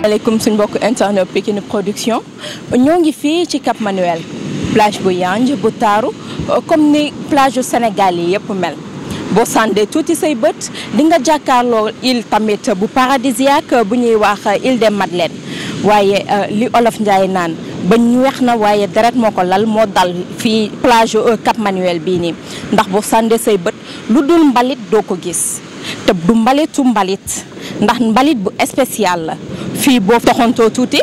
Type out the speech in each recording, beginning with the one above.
maaleykum suñ mbokk internet Pikini ñoo ngi fii ci Cap Manuel plage bu yanj bu taaru comme ni plage yu yi yëpp mel boo sàndee tuuti say bët di nga jàkkaarloo île tamit bu paradisiaque bu ñuy wax île des Madeleine waaye euh, li olof Njaay naan ba ñu weex na waaye deret moo ko lal moo dal fii plage euh, Cap Manuel bii nii ndax bu sànde say bët lu dul mbalit doo ko gis te du mbalitu mbalit ndax mbalit bu spécial la fii boo toxantoo tuuti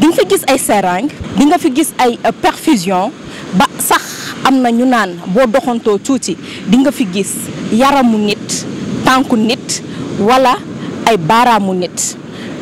di nga fi gis ay seringue dinga fi gis ay euh, perfusion ba sax am na ñu naan boo doxantoo tuuti dinga fi gis yaramu nit tànku nit wala ay baaraamu nit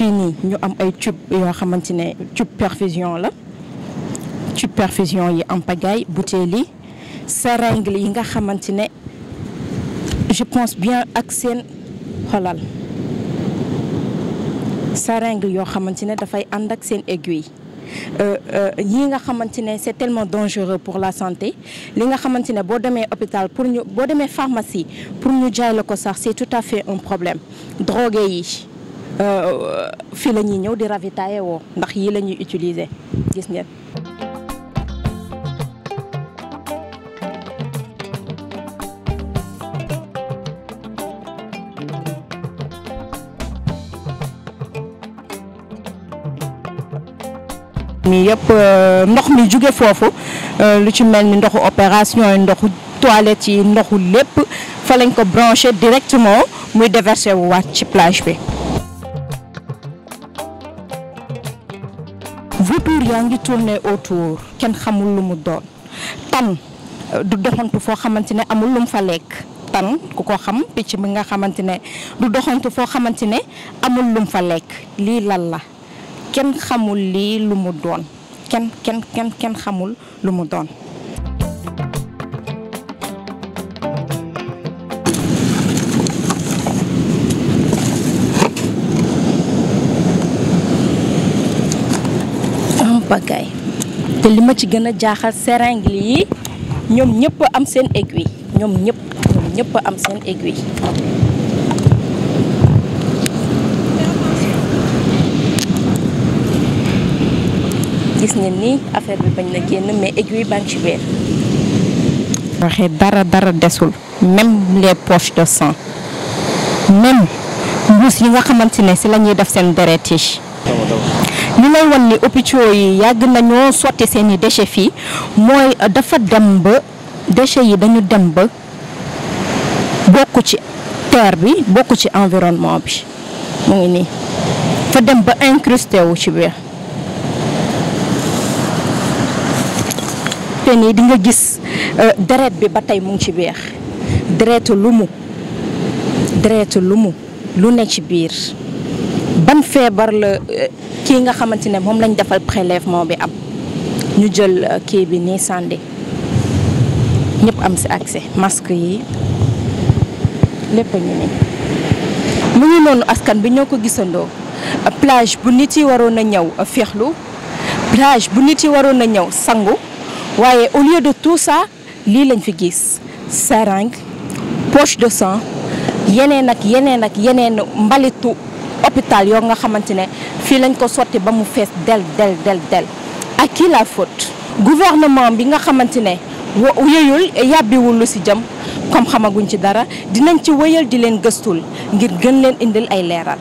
fii nii ñu am ay tube yo xamantene tube perfusion la tube perfusion yi am pagay bouteille yi seringue yi nga xamantene je pense bien ak seen xolal seringue yoo xamante ne dafay ànd ak sen aiguille euh, euh, yi nga xamante c'est tellement dangereux pour la santé li nga xamante ne boo hôpital pour ñu boo demee pharmacie pour ñu jaay la sax c'est tout à fait un problème Drogue, yi euh, fii la ñuy ñëw di ravitailler wo ndax yi lañuy utiliser gis ngeen. mi yëpp euh, ndox mi jóge foofu euh, lu ci mel ni ndoxu opération ndoxu toilette yi ndoxu lépp fa lañ ko branché directement muy déversé wu waat ci plage bi vautour yaa ngi ne autour kenn xamul lu mu doon tan euh, du doxantu foo xamante ne amul lu mu fa lekk tan ku ko xam picc mi nga xamante ne du doxantu foo xamante ne amul lu fa lekk lii lal la kenn xamul lii lu mu doon kenn kenn kenn kenn xamul lu mu doon li ma ci gën a jaaxal seringue yi ñoom ñëpp am seen aiguille ñoom ñëpp ñëpp am seen aiguille gis ngeen ni affaire bi bañ na génn mais aiguille baa ngi ci waxee dara dara desul même les poches de sang même mbuus yi nga xamante ne si lañuy def seen deret yi li lay wan ni hôpitaux yi yàgg nañoo sotti seen i déchets fii mooy euh, dafa dem ba déchets yi dañu dem ba bokk ci terre bi bokk ci environnement bi mu ngi nii fa dem ba incrusté wu ci biir te nii di gis euh, deret bi ba tey mu ngi ci biir deretu lu mu deretu lu mu lu ne ci biir ban feebar la euh, kii nga xamante ne moom lañ defal prélèvement bi am ñu jël euh, kii bi nii sànni ñëpp am si accès masque yi lépp ñu ni mu ngi noonu askan bi ñoo ko gisandoo plage bu nit yi waroon a ñëw euh, féexlu plage bu nit yi waroon a ñëw sangu waaye au lieu de tout ça lii lañ fi gis seringue poche de sang yeneen ak yeneen ak yeneen mbalitu hôpital yoo nga xamante ne fii lañ ko sotti ba mu fees del del del del à qui la faute gouvernement bi nga xamante ne wa yàbbiwul lu si jëm comme xamaguñ ci dara dinañ ci wéyal di leen gëstul ngir gën leen indil ay leeral